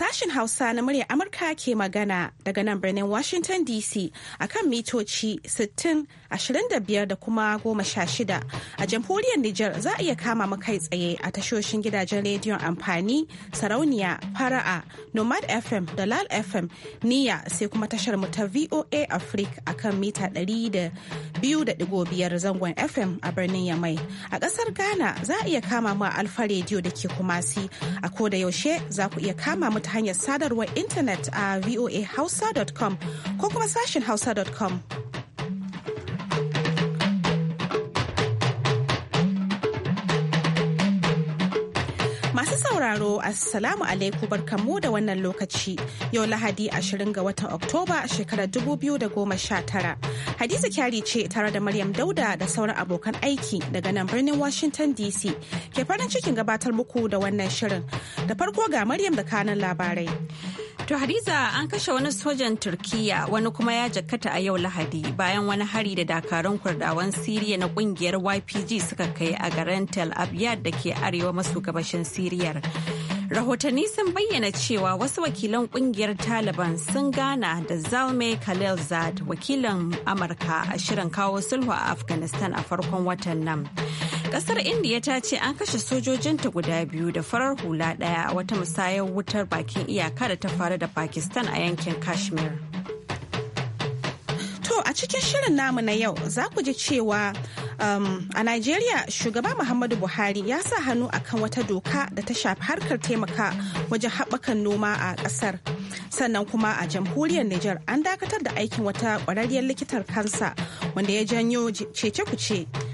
sashen Hausa na murya Amurka ke magana daga nan birnin Washington DC akan mitoci sittin da kuma 16. A jamhuriyar Nijar za a iya kama mu kai tsaye a tashoshin gidajen rediyon amfani, sarauniya, fara'a, Nomad FM da Lal FM niya sai kuma tashar mu ta VOA Africa akan mita 200.5 zangon FM a birnin Yamai. A ƙasar Ghana za a iya kama mu a Alfa Radio da ke Kumasi. A ko da yaushe za ku iya kama mu ta hanyar sadarwar intanet a voahausa.com ko kuma sashin hausa.com Masu sauraro, Assalamu alaikum barkanmu, da wannan lokaci. Yau Lahadi 20 ga watan Oktoba shekarar 2019. Hadiza kyari ce tare da Maryam Dauda da sauran abokan aiki daga nan birnin Washington DC. Ke farin cikin gabatar muku da wannan shirin. Da farko ga Maryam da kanan labarai. To Hadiza an kashe wani sojan Turkiyya wani kuma ya jakata a yau Lahadi bayan wani hari da dakarun kurdawan Siriya na kungiyar YPG suka kai a garin Tel Abyad da ke arewa maso gabashin Siriyar. Rahotanni sun bayyana cewa wasu wakilan kungiyar Taliban sun gana da Khalil Zad wakilin Amurka a shirin kawo sulhu a Afghanistan a farkon watan nan. Kasar Indiya ta ce an kashe sojojinta guda biyu da farar hula daya a wata musayar wutar bakin iyaka da ta faru da Pakistan a yankin Kashmir. To a cikin shirin namu na yau za ku ji cewa um, a Najeriya shugaba Muhammadu Buhari ya sa hannu akan wata doka da ta shafi harkar taimaka wajen haɓakan noma a ƙasar. Sannan kuma a jamhuriyar Nijar an dakatar da aikin wata ƙwararriyar likitar kansa wanda ya janyo cece-kuce. ce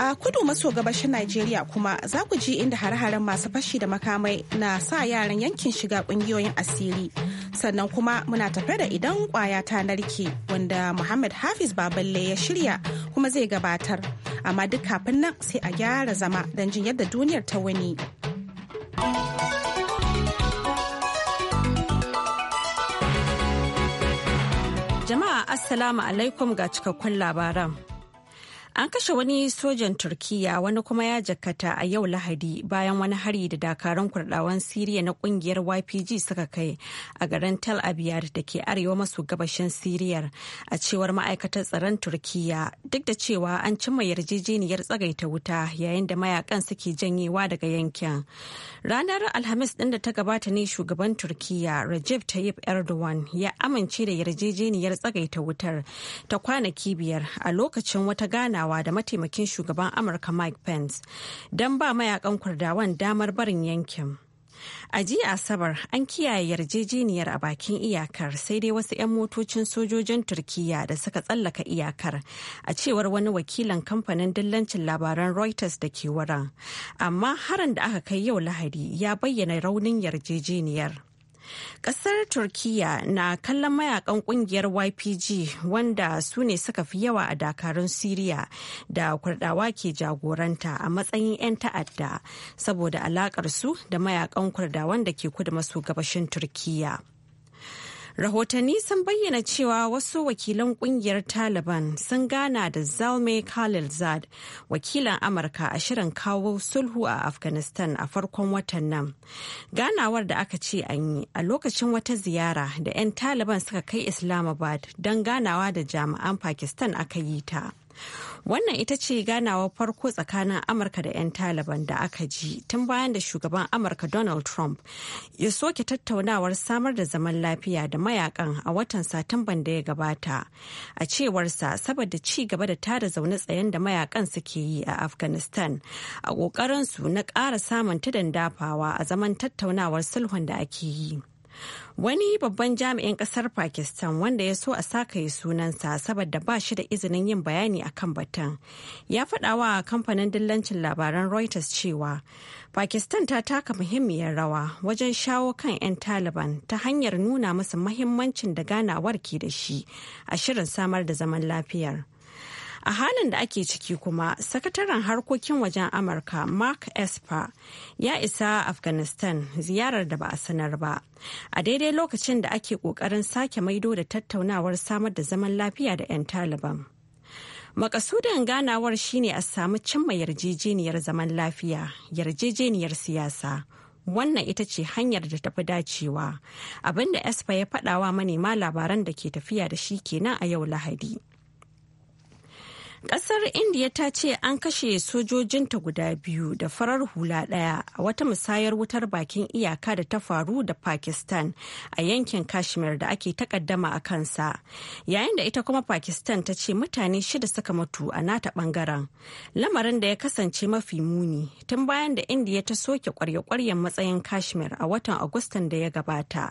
A kudu maso gabashin Najeriya kuma za ku ji inda hare-haren masu fashi da makamai na sa yaran yankin shiga kungiyoyin asiri. Sannan kuma muna tafe da idan kwaya ta narke wanda Muhammad Hafiz Baballe ya shirya kuma zai gabatar. Amma duk kafin nan sai a gyara zama don jin yadda duniyar ta wani. Jama'a Assalamu alaikum ga cikakkun labaran. An kashe wani sojan Turkiyya wani kuma ya jakata a yau Lahadi bayan wani hari da dakarun kurdawan Siriya na kungiyar YPG suka kai a garin Tel Abyad da ke arewa maso gabashin Siriyar a cewar ma'aikatar tsaron Turkiyya duk da cewa an cimma yarjejeniyar tsagaita wuta yayin da mayakan suke janyewa daga yankin. Ranar Alhamis din da ta gabata ne shugaban Turkiyya Recep Tayyip Erdogan ya amince da yarjejeniyar tsagaita wutar ta kwanaki biyar a lokacin wata ganawa ganawa da mataimakin shugaban Amurka Mike Pence don ba mayakan kurdawan damar barin yankin. A jiya Asabar an kiyaye yarjejeniyar a bakin iyakar sai dai wasu 'yan motocin sojojin Turkiyya da suka tsallaka iyakar a cewar wani wakilan kamfanin dillancin labaran Reuters da ke wurin. Amma harin da aka kai yau Lahadi ya bayyana raunin yarjejeniyar. Ƙasar Turkiyya na kallon mayakan ƙungiyar YPG wanda su ne suka fi yawa a dakarun Siriya da kurdawa ke jagoranta a matsayin 'yan ta'adda saboda alakar su da mayakan kurdawan da ke kudu maso gabashin Turkiyya. Rahotanni sun bayyana cewa wasu wakilan kungiyar Taliban sun gana da zalme Khalilzad, wakilan Amurka a shirin kawo sulhu a Afghanistan a farkon watan nan. Ganawar da aka ce an yi a lokacin wata ziyara da 'yan Taliban suka kai Islamabad don ganawa da jami'an Pakistan aka yi ta. Wannan ita ce ganawa farko tsakanin Amurka da 'yan Taliban da aka ji tun bayan da shugaban Amurka Donald Trump ya soke tattaunawar samar da zaman lafiya da mayakan a watan Satumban da ya gabata. A cewarsa saboda ci gaba da tada zaune tsayen da mayakan suke yi a Afghanistan a ƙoƙarinsu na ƙara samun tudan dafawa a zaman tattaunawar sulhun da ake yi. Wani babban jami'in kasar Pakistan wanda ya so a saka yi sunansa saboda ba shi da izinin yin bayani a kan batun. Ya faɗawa a kamfanin dillancin labaran Reuters cewa Pakistan ta taka muhimmiyar rawa wajen shawo kan 'yan Taliban ta hanyar nuna musu mahimmancin da ganawar ke da shi a shirin samar da zaman lafiyar. a halin da ake ciki kuma sakataren harkokin wajen amurka mark esper ya isa afghanistan ziyarar da ba a sanar ba a daidai lokacin da ake kokarin sake maido da tattaunawar samar da zaman lafiya da 'yan taliban makasudin ganawar shine a samu cimma yarjejeniyar zaman lafiya yarjejeniyar siyasa wannan ita ce hanyar da tafi dacewa abinda espa ya faɗawa manema labaran da ke tafiya da shi kenan a yau lahadi Ƙasar India ta ce an kashe sojojinta guda biyu da farar hula ɗaya a wata musayar wutar bakin iyaka da ta faru da Pakistan a yankin Kashmir da ake takaddama a kansa. Yayin da ita kuma Pakistan ta ce mutane shida suka mutu a nata ɓangaren, Lamarin da ya kasance mafi muni tun bayan da India ta soke ƙwarye kwaryen matsayin Kashmir a watan Agustan da ya gabata.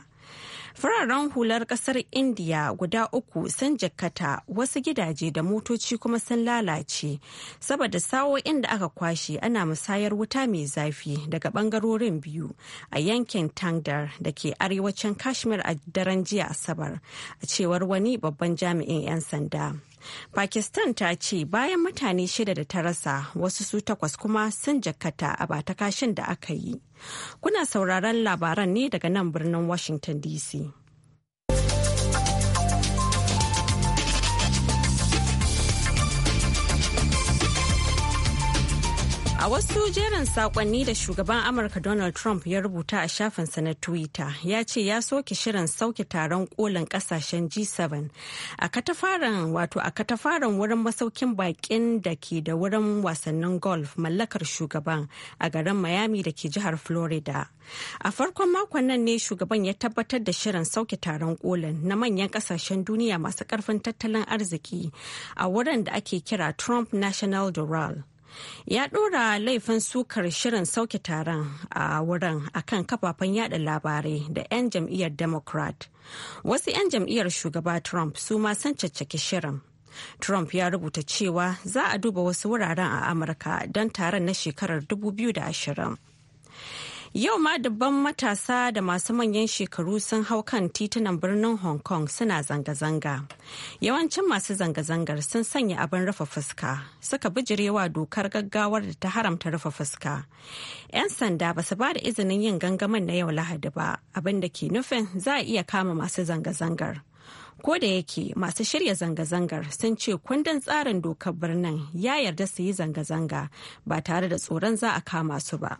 Fararen hular kasar India guda uku sun jakkata wasu gidaje da motoci kuma sun lalace. Saboda sawo'in da aka kwashe ana musayar wuta mai zafi daga bangarorin biyu a yankin Tangdar da ke arewacin Kashmir a daren jiya Asabar, a cewar wani babban jami'in 'yan sanda. Pakistan ta ce bayan mutane shida da ta rasa wasu su takwas kuma sun jakata a ba kashin da aka yi. Kuna sauraron labaran ne daga nan birnin Washington DC. A wasu jerin sakonni da shugaban Amurka Donald Trump ya rubuta a shafinsa na Twitter ya ce ya soke shirin sauke taron kolin kasashen G7 a katafaren wato a katafaren wurin masaukin bakin da ke da wurin wasannin golf mallakar shugaban a garin Miami da ke jihar Florida. A farkon makon nan ne shugaban ya tabbatar da shirin sauke taron kolin na manyan kasashen duniya masu karfin tattalin arziki a wurin da ake kira Trump National Doral. ya ɗora laifin sukar shirin sauke taron a wurin akan kafafen yada labarai da 'yan jam'iyyar democrat wasu 'yan jam'iyyar shugaba trump su ma sun caccaki shirin trump ya rubuta cewa za a duba wasu wuraren a amurka don taron na shekarar 2020 Yau ma dubban matasa da masu manyan shekaru sun hau kan titunan birnin Hong Kong suna zanga-zanga. Yawancin masu zanga-zangar sun sanya abin rufe fuska, suka bijirewa dokar gaggawar da ta haramta rufe fuska. 'Yan sanda ba su ba da izinin yin gangamin na yau Lahadi ba, abin da ke nufin za a iya kama masu zanga-zangar. Ko da yake masu shirya zanga-zangar sun ce kundin tsarin dokar birnin ya yarda su yi zanga-zanga ba tare da tsoron za a kama su ba.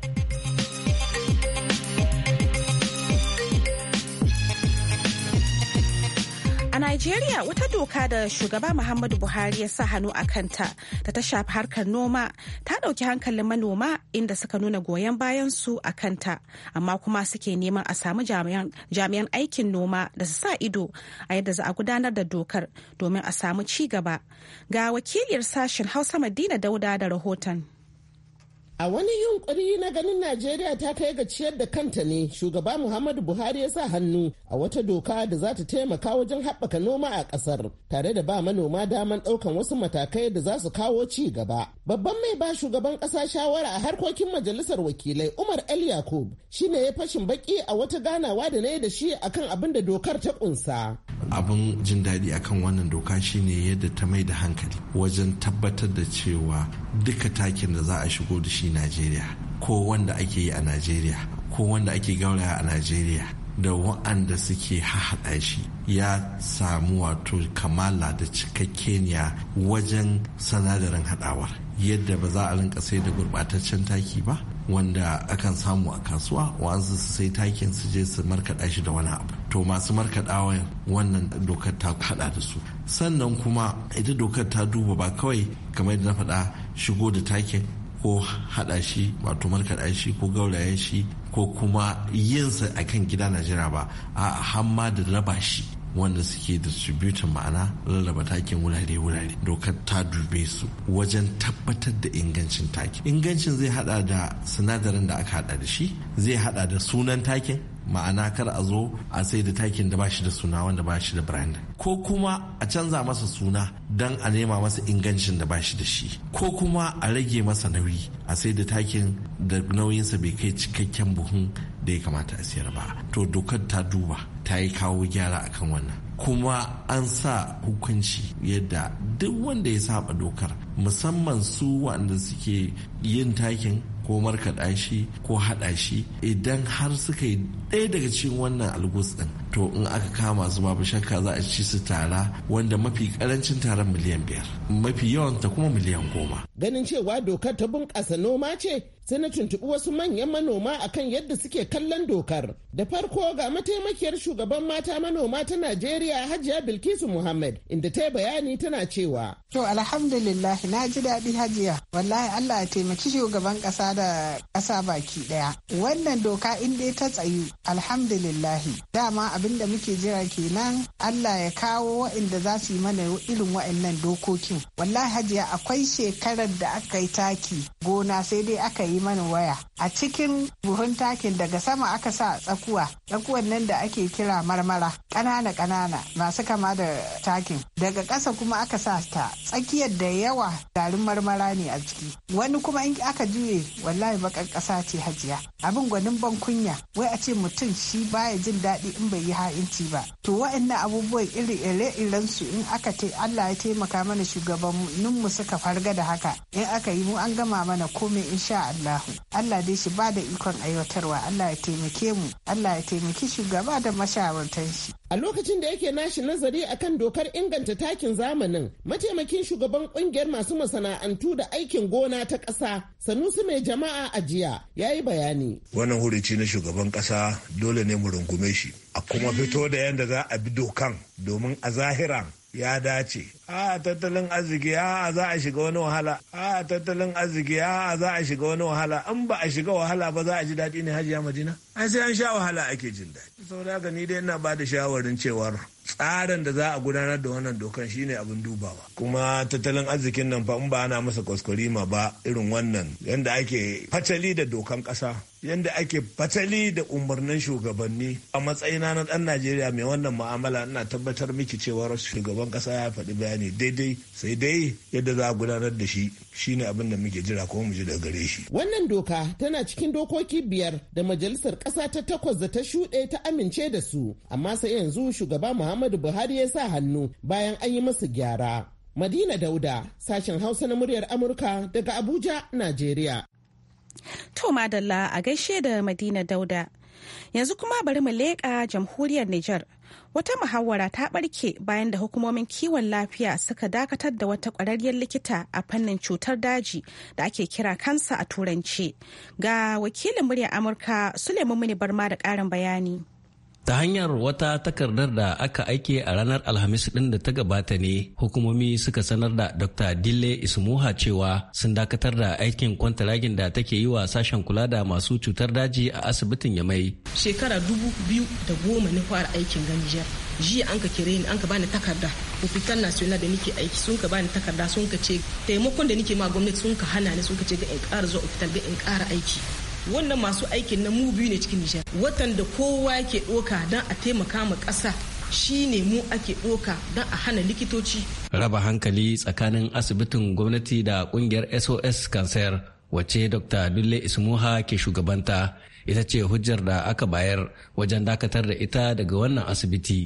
Najeriya wata doka da shugaba Muhammadu Buhari ya sa hannu a kanta da ta shafi harkar noma ta ɗauki hankalin manoma inda suka nuna goyon bayan su a kanta amma kuma suke neman a samu jami'an aikin noma da su sa ido a yadda za a gudanar da dokar domin a samu ci gaba. Ga wakiliyar sashen Hausa Madina Dauda da rahoton. A wani yunkuri na ganin Najeriya ta kai ga ciyar da kanta ne, shugaba Muhammadu Buhari ya sa hannu a wata doka da za ta taimaka wajen haɓaka noma a ƙasar, tare da ba manoma daman ɗaukan wasu matakai da za su kawo ci gaba. Babban mai ba shugaban ƙasa shawara a harkokin majalisar wakilai Umar El Yakub shine ya fashin baki a wata ganawa da na yi da shi akan abin da dokar ta ƙunsa. Abin jin daɗi akan wannan doka shine yadda ta mai da hankali wajen tabbatar da cewa duka takin da za a shigo da shi najeriya ko wanda ake yi a najeriya ko wanda ake gauraya a najeriya da wa'anda suke haɗa shi ya samu wato kamala da cikakkeniya wajen sanadarin haɗawar yadda ba za a rinka sai da gurɓataccen taki ba wanda akan samu a kasuwa wanzu su sai takin su je su markaɗa shi da wani abu to masu markaɗawa wannan dokar ta haɗa da su sannan kuma ita dokar ta duba ba kawai kamar da na faɗa shigo da takin ko haɗa shi wato markaɗa shi ko gauraya shi ko kuma yinsa a kan gida najeriya ba a hamma da raba shi wanda suke distributin ma'ana lallaba takin wurare-wurare dokar ta dube su wajen tabbatar da ingancin takin ingancin zai hada da sinadarin da aka hada da shi zai hada da sunan takin ma'ana kar a zo a sai da takin da bashi da suna wanda bashi da brand ko kuma a canza masa suna dan a nema masa ingancin da bashi da shi ko kuma a rage masa nauyi a sai da takin da nauyinsa bai kai cikakken buhun da ya kamata a siyar ba to dokar ta duba ta yi kawo gyara akan wannan kuma an sa hukunci yadda duk wanda ya saba dokar musamman su wanda suke yin takin ko markaɗa shi ko haɗa shi idan har suka yi ɗaya daga cikin wannan algus ɗin to in aka kama su babu shakka za a ci su tara wanda mafi karancin taron miliyan biyar mafi yawan ta kuma miliyan goma. ganin cewa dokar ta bunƙasa noma ce sai na tuntuɓi wasu manyan manoma akan yadda suke kallon dokar da farko ga mataimakiyar shugaban mata manoma ta najeriya hajiya bilkisu muhammad inda ta bayani tana cewa to alhamdulillah na ji daɗi hajiya wallahi allah ya taimaki shugaban ƙasa da ƙasa baki ɗaya wannan doka in dai ta tsayu alhamdulillah dama abin da muke jira kenan Allah ya kawo waɗanda za su yi mana irin waɗannan dokokin wallahi hajiya akwai shekarar da aka yi taki gona sai dai aka yi mana waya a cikin buhun takin daga sama aka sa tsakuwa tsakuwan nan da ake kira marmara ƙanana ƙanana masu kama da takin daga ƙasa kuma aka sa ta tsakiyar da yawa garin marmara ne a ciki wani kuma in aka juye wallahi baƙar ƙasa ce hajiya abin gwanin ban kunya wai a ce mutum shi baya jin daɗi in bai yi ha'inci ba to wa'annan abubuwan iri ire su in aka ce Allah ya taimaka mana mu suka farga da haka in aka yi mu an gama mana komai insha Allah Allah dai shi ba da ikon aiwatarwa Allah ya taimake mu Allah ya taimaki shugaba da mashawartan shi A lokacin da yake nashi nazari akan dokar inganta takin zamanin, mataimakin shugaban kungiyar masu masana'antu da aikin gona ta ƙasa, Sanusi mai jama'a a jiya, ya yi bayani. Wannan hurici na shugaban ƙasa dole ne mu rungume shi, a kuma fito da yadda za a bi dokan domin a zahiran ya dace a tattalin arziki a za a shiga wani wahala a tattalin arziki a za a shiga wani wahala in ba a shiga wahala ba za a ji daɗi ne hajiya Majina. ai sai an sha wahala ake jin daɗi saboda haka ni dai ina ba da shawarin cewar tsarin da za a gudanar da wannan dokan shine abin dubawa kuma tattalin arzikin nan fa in ba ana masa kwaskwarima ba irin wannan yanda ake fatali da dokan ƙasa yadda ake fatali da umarnin shugabanni a matsayina na ɗan najeriya mai wannan mu'amala ina tabbatar miki cewar shugaban ƙasa ya faɗi bayani daidai sai dai yadda za a gudanar da shi shine abin da muke jira kuma mu ji daga gare shi wannan doka tana cikin dokoki biyar da majalisar ƙasa ta takwas da ta shuɗe ta amince da su amma sai yanzu shugaba muhammadu buhari ya sa hannu bayan an yi masa gyara madina dauda sashen hausa na muryar amurka daga abuja najeriya To Madalla a gaishe da Madina Dauda. Yanzu kuma bari mu leƙa jamhuriyar Nijar. Wata muhawara ta ɓarke bayan da hukumomin kiwon lafiya suka dakatar da wata ƙwararriyar likita a fannin cutar daji da ake kira kansa a turanci. Ga wakilin muryar Amurka Suleiman Muni Barma da ƙarin bayani. ta hanyar wata takardar da aka aike a ranar alhamis din da ta gabata ne hukumomi suka sanar da dr dille ismuha cewa sun dakatar da aikin kwantaragin da take yi wa sashen kula da masu cutar daji a asibitin yamai shekara dubu biyu da goma na fara aikin ganijar jiya an ka kire ni an ka bani takarda hospital national da nike aiki sun ka bani takarda sun ka ce taimakon da nike ma gwamnati sun ka hana ni sun ka ce ga in ƙara zuwa hospital ga in ƙara aiki wannan masu aikin na mu biyu ne cikin nijar watan da kowa ke ɗoka don a taimaka ma ƙasa shi ne mu ake ɗoka don a hana likitoci raba hankali tsakanin asibitin gwamnati da kungiyar sos cancer wace dr dulle ismuha ke shugabanta ita ce hujjar da aka bayar wajen dakatar da ita daga wannan asibiti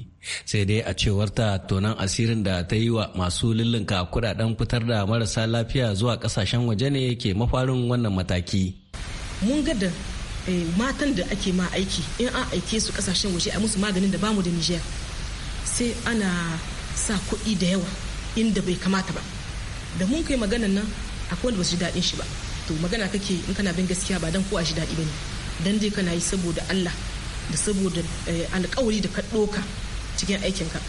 sai dai a cewar ta tonan asirin da ta yi wa masu lullunka kudaden fitar da marasa lafiya zuwa kasashen waje ne ke mafarin wannan mataki mun ga da eh, matan da ake ma aiki in an aike su kasashen waje a musu maganin da bamu da Nijar sai ana sa kuɗi da yawa inda bai kamata ba da mun kai maganan nan akwai wanda ba su ji daɗin shi ba to magana kake in kana bin gaskiya ba dan ko a ji daɗi bane dan dai kana yi saboda Allah da saboda eh, alƙawari da ka ɗoka cikin ka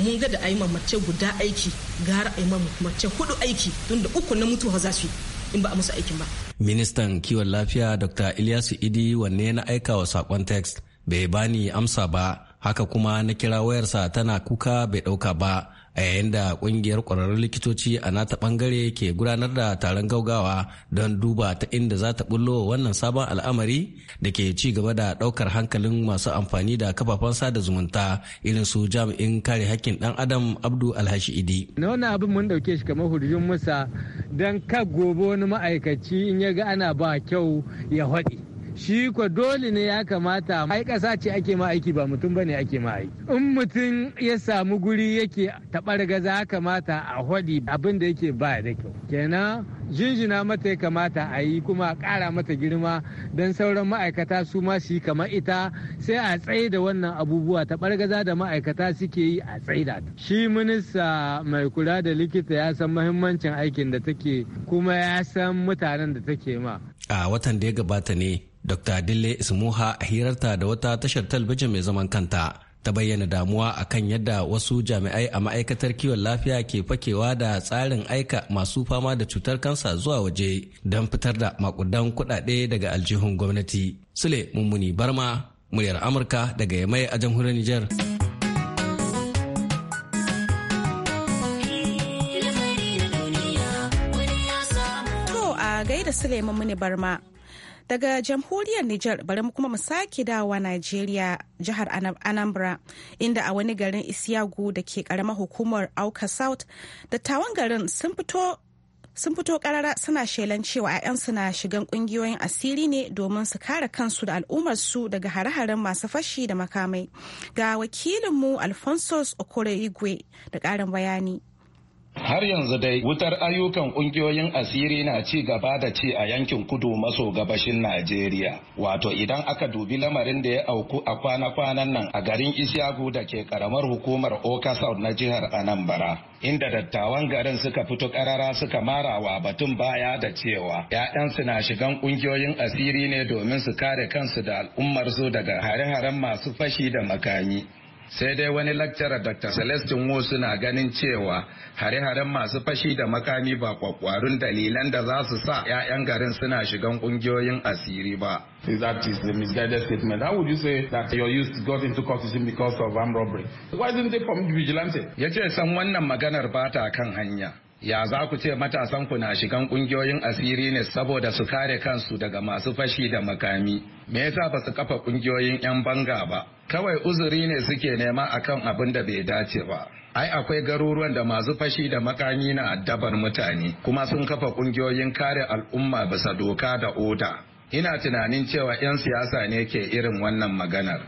mun ga da a yi mace guda aiki gara a yi mace hudu aiki tunda uku na mutuwa za su yi in ba a musu aikin ba ministan kiwon lafiya dr ilyasu idi wanne na aika wa sakon text bai bani amsa ba haka kuma na kira wayarsa tana kuka bai ɗauka ba a yayin da kungiyar kwararrun likitoci a nata bangare ke gudanar da taron gaugawa don duba ta inda za ta bullo wannan sabon al'amari da ke ci gaba da daukar hankalin masu amfani da kafafen sada zumunta irin su jami'in kare hakkin dan adam abdu alhashi idi na wannan abin mun dauke shi kamar hurjun musa don ka gobe wani ma'aikaci in ya ga ana ba kyau ya haɗe. shi kwa dole ne ya kamata ai ƙasa ce ake ma aiki ba mutum bane ake ma aiki in mutum ya samu guri yake tabar gaza ya kamata a hwaɗi abin da yake ba da kyau kenan jinjina mata ya kamata a yi kuma a ƙara mata girma don sauran ma'aikata su ma shi kama ita sai a tsaye da wannan abubuwa ta da ma'aikata suke yi a tsaye da ta. Shi minista mai kula da likita ya san mahimmancin aikin da take kuma ya san mutanen da take ma. A watan da ya gabata ne Dr. Dille Ismuha a hirarta da wata tashar talbijin mai zaman kanta ta bayyana damuwa akan yadda wasu jami'ai a ma'aikatar kiwon lafiya ke fakewa da tsarin aika masu fama da cutar kansa zuwa waje don fitar da makudan kuɗaɗe daga aljihun gwamnati. Sule Mummuni Barma, muryar Amurka daga Yamai a jamhuriyar Nijar. a gaida Sule Mummuni Barma. daga jamhuriyar Nijar bari kuma mu sake dawowa Najeriya jihar Anambra inda a wani garin Isiyagu da ke karamar hukumar Auka South dattawan garin sun fito sun fito karara suna shelan cewa 'ya'yansu na shigan kungiyoyin asiri ne domin su kare kansu da al'ummarsu daga hare-haren masu fashi da makamai ga wakilinmu alphonsus okoro igwe da karin bayani Har yanzu dai wutar ayyukan kungiyoyin asiri na ci gaba da ci a yankin kudu maso gabashin Najeriya. Wato idan aka dubi lamarin da ya auku a kwana-kwanan nan a garin Isiyagu da ke karamar hukumar okasau na jihar Anambra. Inda dattawan garin suka fito karara suka marawa batun baya da cewa ‘ya'yansu na shigan ƙungiyoyin asiri ne domin su kare kansu da al'ummarsu daga hare-haren masu fashi da makami. sai dai wani lecturer dr celestin wusu na ganin cewa hare-haren masu fashi da makami ba kwakwarun dalilan da za su sa 'ya'yan garin suna shigan kungiyoyin asiri ba that is the misguided statement how would you say that your youth got into cultism because of armed robbery why didn't they form vigilante Ya ce san wannan maganar ba ta kan hanya ya za ku ce matasan ku na shigan kungiyoyin asiri ne saboda su kare kansu daga masu fashi da makami me yasa ba su kafa kungiyoyin 'yan banga ba kawai uzuri ne suke nema akan abin da bai dace ba ai akwai garuruwan da masu fashi da makami na addabar mutane kuma sun kafa kungiyoyin kare al'umma bisa doka da oda ina tunanin cewa 'yan siyasa ne ke irin wannan maganar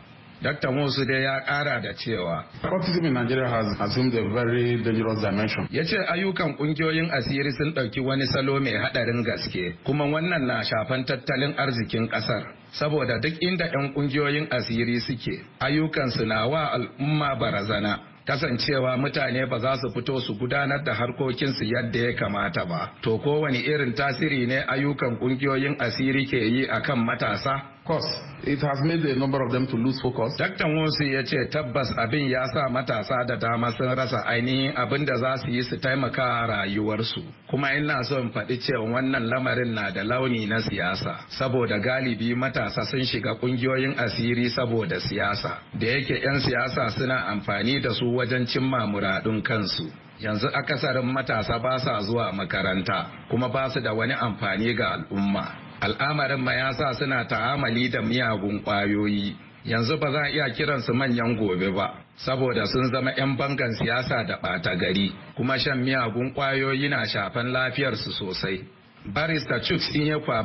Dr. Musu dai ya kara da cewa. Autism in Nigeria has assumed a very dangerous dimension. Ya ce ayyukan kungiyoyin asiri sun ɗauki wani salo mai haɗarin gaske kuma wannan na shafan tattalin arzikin ƙasar. Saboda duk inda 'yan kungiyoyin asiri suke, ayyukansu na wa al'umma barazana. kasancewa mutane ba za su fito su gudanar da harkokinsu yadda ya kamata ba to kowane irin tasiri ne ayyukan kungiyoyin asiri ke yi akan matasa course it has made a number of them to lose focus. Dr. Wonsu ya ce tabbas abin ya sa matasa da dama sun rasa ainihin abin da za su yi su taimaka rayuwarsu. Kuma ina so in faɗi cewa wannan lamarin na da launi na siyasa saboda galibi matasa sun shiga ƙungiyoyin asiri saboda siyasa da yake 'yan siyasa suna amfani da su wajen cimma muradun kansu. yanzu akasarin matasa ba sa zuwa makaranta kuma ba su da wani amfani ga al'umma al'amarin ma ya sa suna ta'amali da miyagun ƙwayoyi yanzu ba za a iya kiransu manyan gobe ba saboda sun zama 'yan bangan siyasa da ɓata gari kuma shan miyagun ƙwayoyi na shafan lafiyarsu sosai Barista Chuks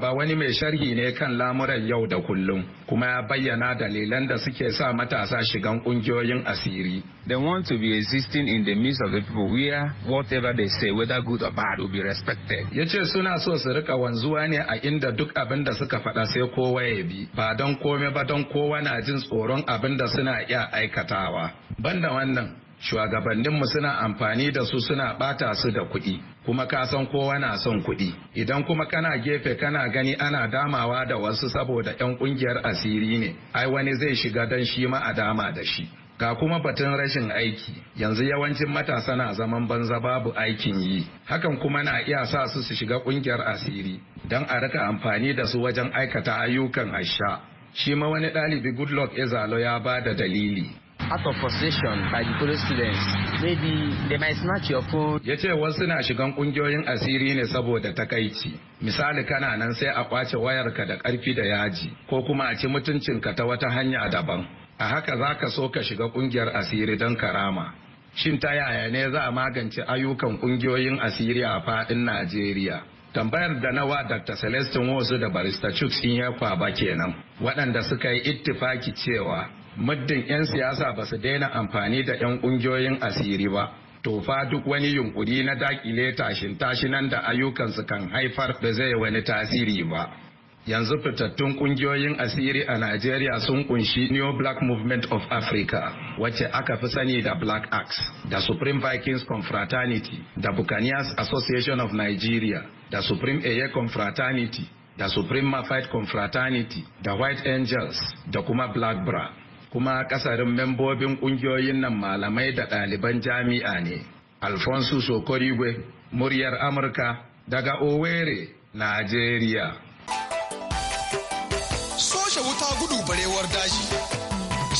ba wani mai sharhi ne kan lamuran yau da kullum kuma ya bayyana dalilan da suke sa matasa shigan kungiyoyin asiri. They want to be existing in the midst of the people where whatever they say whether good or bad will be respected. Ya ce suna so su rika wanzuwa ne a inda duk abin da suka faɗa sai kowa ya bi ba don kome ba don kowa na jin tsoron abin da suna iya aikatawa. Banda wannan shugabanninmu suna amfani da su suna bata su da kuɗi kuma ka san kowa na son kuɗi idan kuma kana gefe kana gani ana damawa da wasu saboda 'yan ƙungiyar asiri ne ai wani zai shiga don shi ma a dama da shi ga kuma batun rashin aiki yanzu yawancin matasa na zaman banza babu aikin yi hakan kuma na iya sa su su shiga ƙungiyar asiri don a rika amfani da su wajen aikata ayyukan asha shi ma wani ɗalibi goodluck ezalo ya ba da dalili out of frustration by the police students maybe they might snatch your phone ya ce wasu na shigan kungiyoyin asiri ne saboda takaici misali kana nan sai a kwace wayarka da karfi da yaji ko kuma a ci mutuncinka ta wata hanya daban a haka za ka so ka shiga kungiyar asiri don karama shin ta yaya ne za a magance ayyukan kungiyoyin asiri a faɗin najeriya tambayar da nawa dr celestin wasu da barista chuks in yakwa ba kenan waɗanda suka yi ittifaki cewa muddin 'yan siyasa ba su daina amfani da 'yan ƙungiyoyin asiri ba to duk wani yunkuri na dakile tashin tashinan da ayyukansu kan haifar da zai wani tasiri ba yanzu fitattun kungiyoyin asiri a Najeriya sun kunshi New Black Movement of Africa wacce aka fi sani da Black Axe da Supreme Vikings Confraternity da Buccaneers Association of Nigeria da Supreme Eye Confraternity da Supreme Mafite Confraternity da White Angels da kuma Black Bra. kuma kasarin membobin kungiyoyin nan malamai da ɗaliban jami'a ne. Alfonso Sokorigwe, muryar Amurka daga Owerri, Najeriya. Soja wuta gudu barewar daji,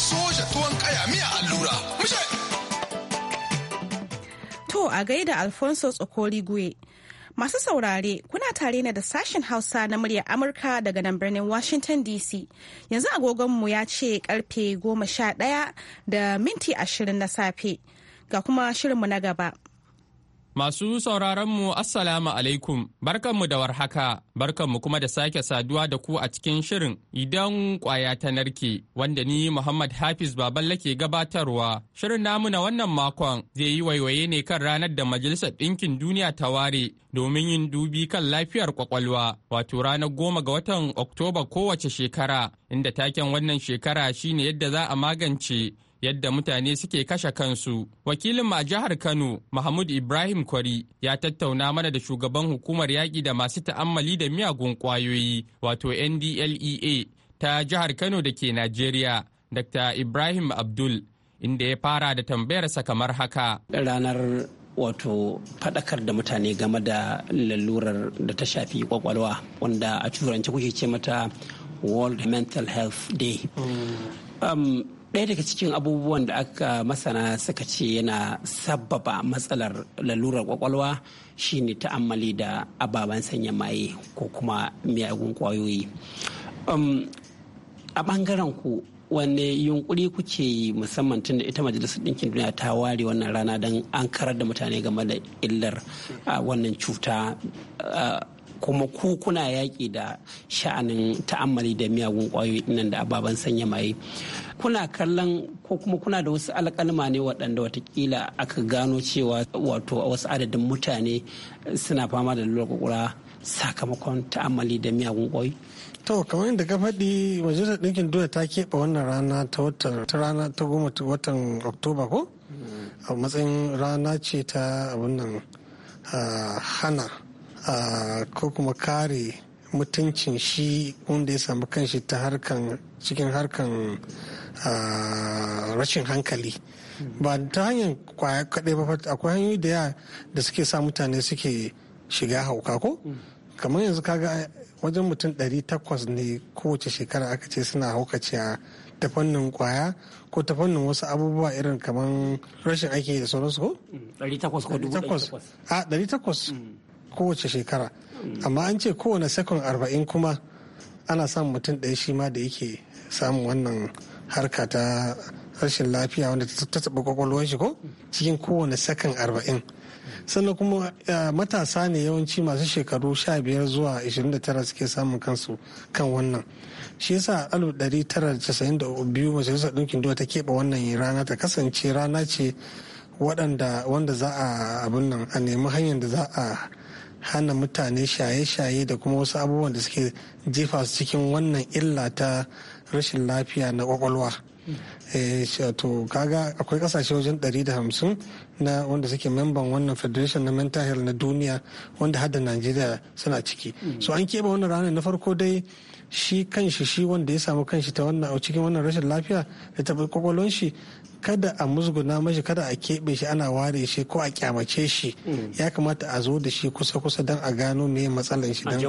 soja tuwon kaya miya allura, mushe! To a gaida Alfonso Sokorigwe. Masu saurare kuna tare na da sashen Hausa na muryar Amurka daga nan birnin Washington DC. Yanzu agogonmu ya ce karfe goma sha ɗaya da minti ashirin na safe. Ga kuma shirinmu na gaba. Masu sauraronmu Assalamu alaikum, barkanmu da warhaka, barkanmu kuma da sake saduwa da ku a cikin shirin idan kwaya ta narke, wanda ni Muhammad Hafiz Baballe ke gabatarwa. Shirin namu na wannan makon zai yi waiwaye ne kan ranar da Majalisar Ɗinkin Duniya ta ware domin yin dubi kan lafiyar kwakwalwa, wato ranar goma ga watan Oktoba kowace shekara, inda taken wannan shekara shine yadda za a magance yadda mutane suke kashe kansu. Wakilin a jihar Kano, Mahmud Ibrahim Kwari, ya tattauna mana da shugaban hukumar yaƙi da masu ta'ammali da miyagun ƙwayoyi, wato NDLEA, ta jihar Kano da ke Najeriya, Dr. Ibrahim Abdul, inda ya fara da tambayarsa kamar haka. Ranar wato faɗakar da mutane game da lalurar da ta shafi kwakwalwa wanda a turanci kuke ce mata World Mental Health Day. Mm. Um, ɗaya daga cikin abubuwan da aka masana suka ce yana sabbaba matsalar lalurar kwakwalwa shine ta'ammali da ababen sanya maye ko kuma miyagun kwayoyi um, a ɓangaren ku wanne yunkuri kuke yi musamman tun da ita majalisar ɗinkin duniya ta ware wannan rana don an karar da mutane game da illar uh, wannan cuta uh, kuma ku kuna yaƙi da sha'anin ta'ammali da miyagun ƙwayoyi nan da ababen sanya maye kuna kallon ko kuma kuna da wasu alƙalma ne waɗanda watakila aka gano cewa wato wasu adadin mutane suna fama da lura sakamakon ta'ammali da miyagun ƙwayoyi To kamar yadda ka faɗi majalisar ɗinkin duniya ta keɓe wannan rana ta watan ta rana ta goma watan Oktoba ko? Mm. A matsayin rana ce ta abin ah, hana ko kuma kare mutuncin shi wanda ya samu kanshi ta harkan cikin harkan rashin hankali ba ta hanyar kwaya kaɗai ba akwai hanyoyi da da suke sa mutane suke shiga hauka ko kamar yanzu kaga wajen mutum 800 ne kowace shekara aka ce suna haukaciya ta fannin kwaya ko ta fannin wasu abubuwa irin kamar rashin aiki da sauransu ko? 800 mm, ko kowace shekara amma an ce kowane sekon arba'in kuma ana samun mutum ɗaya shi ma da yake samun wannan harka ta rashin lafiya wanda ta taɓa kwakwalwar shi ko cikin kowane sakan arba'in sannan kuma eh, matasa ne yawanci masu shekaru sha biyar zuwa 29 suke samun kansu kan wannan shi yasa alif ɗari tara casa'in da biyu majalisar ɗinkin duwa ta keɓe wannan rana ta kasance rana ce waɗanda wanda za a abin nan a nemi hanyar da za a hana mutane shaye-shaye da kuma wasu abubuwan da suke jefa su cikin wannan illa ta rashin lafiya na kwakwalwa. Eh, to kaga akwai kasashe wajen 150 na wanda suke memban wannan federation na mental health na duniya wanda hada najeriya suna ciki so an keɓe wannan ranar na farko dai shi kanshi shi wanda ya samu kanshi ta wannan cikin wannan rashin lafiya da taɓa kwakwalon shi kada a musguna mashi kada a keɓe shi ana ware shi ko a kyamace shi mm. ya kamata a zo da shi kusa-kusa don a gano me matsalan shi don a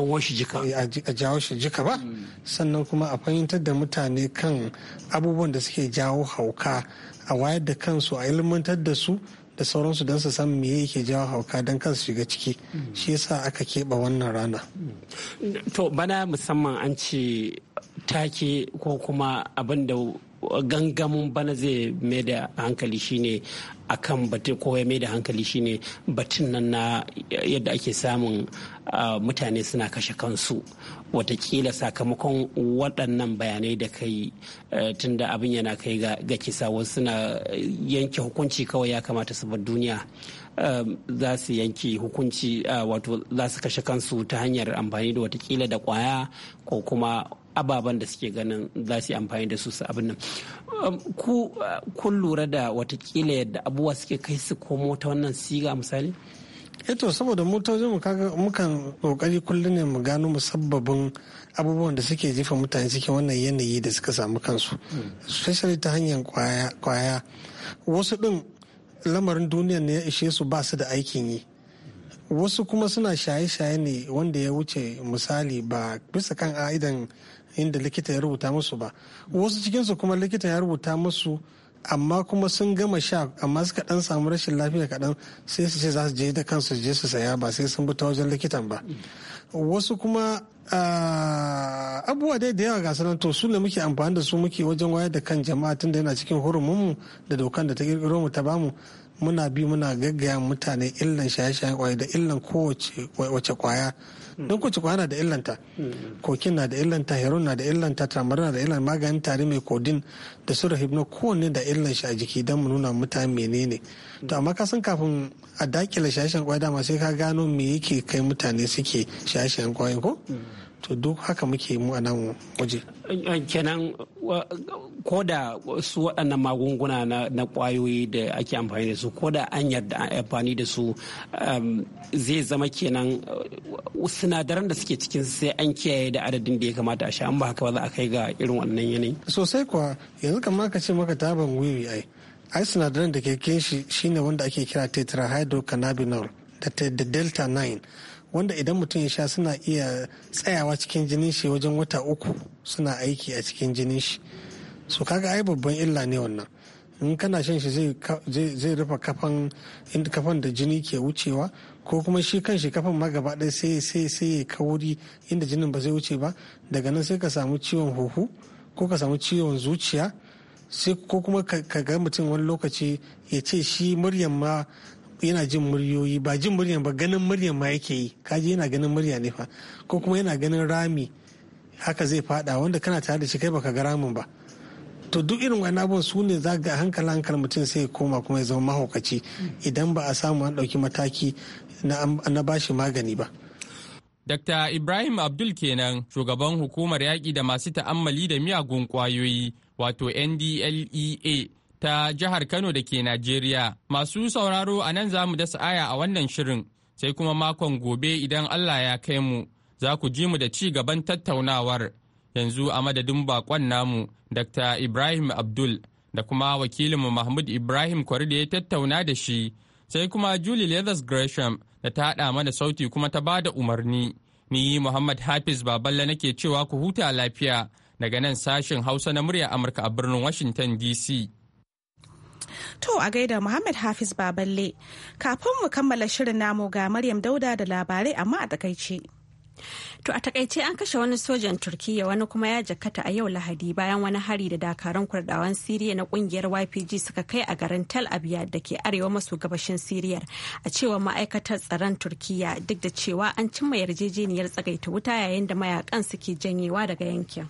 jawo shi jika ba mm. sannan kuma a fahimtar da mutane kan abubuwan da suke jawo hauka a wayar da kansu a ilmantar da su da sauransu don su san me yake jawo hauka don kansu shiga ciki mm. shi yasa aka keɓe wannan rana to bana musamman an ce take ko kuma abin da gangamin bana zai mai da hankali shine a kan batun ko ya mai da hankali shine batun nan na yadda ake samun mutane suna kashe kansu watakila sakamakon waɗannan bayanai da kai tunda abin yana kai ga kisa wasu suna yanke hukunci kawai ya kamata su bar duniya za su yanke hukunci wato za su kashe kansu ta hanyar amfani da watakila da kwaya ko kuma ababen da suke ganin za su yi amfani da su su abin nan um, ku uh, kun lura da watakila yadda abubuwa suke kai su komo ta wannan siga misali eto eh saboda motocin mukan kokari kullum ne mu gano musabbabin abubuwan da suke jefa mutane cikin wannan yanayi da suka samu kansu especially ta hanyar kwaya wasu din lamarin duniya ne ya ishe su ba su da aikin yi wasu kuma suna shaye-shaye ne wanda ya wuce misali ba bisa kan a'idan inda likita ya rubuta musu ba wasu cikinsu kuma likita ya rubuta musu amma kuma sun gama sha amma suka dan samu rashin lafiya kaɗan sai su ce za su je da kansu je su saya ba sai sun bi ta wajen likitan ba wasu kuma ah, abubuwa dai da yawa ga sanan to su ne muke amfani da su muke wajen wayar da kan jama'a tun da yana cikin mu da dokan da ta kirkiro mu ta bamu muna bi muna gaggaya mutane illan shaye shaye da illan kowace kwaya don kuce na da illanta kokin na da illanta heron na da illanta tamar na da illanta maganin tare mai kodin da su rahibna kowanne da illan shi a jiki don mu nuna mutane menene to amma ka san kafin a dakile shashen kwaya dama sai ka gano me yake kai mutane suke shashen kwayoyin ko to duk haka muke mu a nan waje kenan ko da su waɗannan magunguna na ƙwayoyi da ake amfani da su ko da an yarda amfani da su um, zai zama kenan uh, sinadaran da suke cikin sai an kiyaye da adadin da ya kamata a sha an ba haka ba za a kai ga irin wannan yanayi sosai kuwa yanzu kamar ka ce maka taban wiwi ai ai sinadaran da ke shi shine wanda ake kira tetrahydrocannabinol da delta 9 wanda idan mutum ya sha suna iya tsayawa cikin jinin shi wajen wata uku suna aiki a cikin jinin shi so kaga ai babban illa ne wannan in kana shan shi zai rufe kafan da jini ke wucewa ko kuma shi kan shi kafan magaba ɗaya sai sai sai ya kauri inda jinin ba zai wuce ba daga nan sai ka samu ciwon huhu ko ka samu ciwon zuciya sai ko kuma ka ga mutum wani lokaci ya ce shi muryan ma yana jin muryoyi ba jin muryan ba ganin muryan ma yake yi kaji yana ganin murya ne fa ko kuma yana ganin rami haka zai fada wanda kana tare da shi kai baka ga ramin ba to duk irin wani abun su ne za ga hankali hankali mutum sai ya koma kuma ya zama mahaukaci idan ba a samu an ɗauki mataki na bashi magani ba. Dr. Ibrahim Abdul kenan shugaban hukumar yaƙi da masu ta'ammali da miyagun ƙwayoyi wato NDLEA ta jihar Kano da ke Najeriya. Masu sauraro a nan za mu dasa aya a wannan shirin, sai kuma makon gobe idan Allah ya kai mu, za ku ji mu da ci gaban tattaunawar. Yanzu a madadin bakon namu, Dr. Ibrahim Abdul, da kuma wakilinmu Mahmud Ibrahim Kwari da ya tattauna da shi, sai kuma Julie Leathers Gresham da ta haɗa mana sauti kuma ta ba da umarni. Ni Muhammad Hafiz Baballe nake cewa ku huta lafiya daga nan sashen Hausa na murya Amurka a birnin Washington DC. To a gaida Muhammad Hafiz Baballe. Kafin mu kammala shirin namu ga Maryam Dauda da labarai amma a takaice. To a takaice an kashe wani sojan Turkiyya wani kuma ya jakata a yau Lahadi bayan wani hari da dakarun kurdawan Siriya na kungiyar YPG suka kai a garin Tel Abyad da ke arewa maso gabashin Siriyar a cewa ma'aikatar tsaron Turkiyya duk da cewa an cimma yarjejeniyar tsagaita wuta yayin da mayakan suke janyewa daga yankin.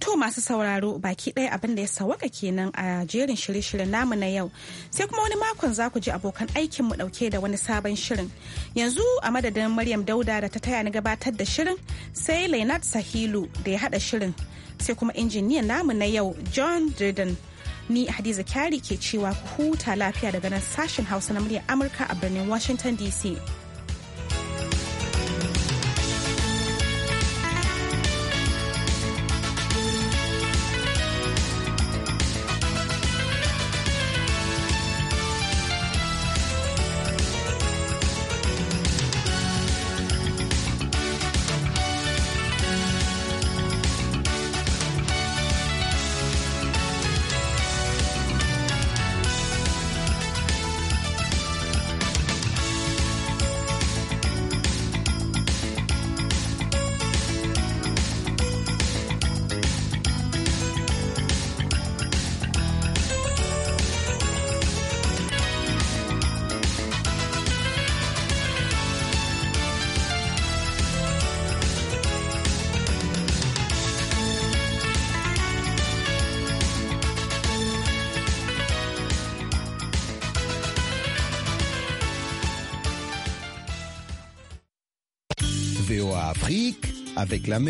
To masu sauraro baki ɗaya abin da ya sawaka kenan a jerin shirye-shiryen namu na yau. Sai kuma wani makon za ku ji abokan aikinmu ɗauke da wani sabon shirin. Yanzu a madadin Maryam Dauda da ta taya ni gabatar da shirin sai leonard Sahilu da ya haɗa shirin. Sai kuma injiniyan namu na yau John Dridden. Ni Hadiza Kyari ke cewa ku huta lafiya daga nan sashen Hausa na muryar Amurka a birnin Washington DC. reclamé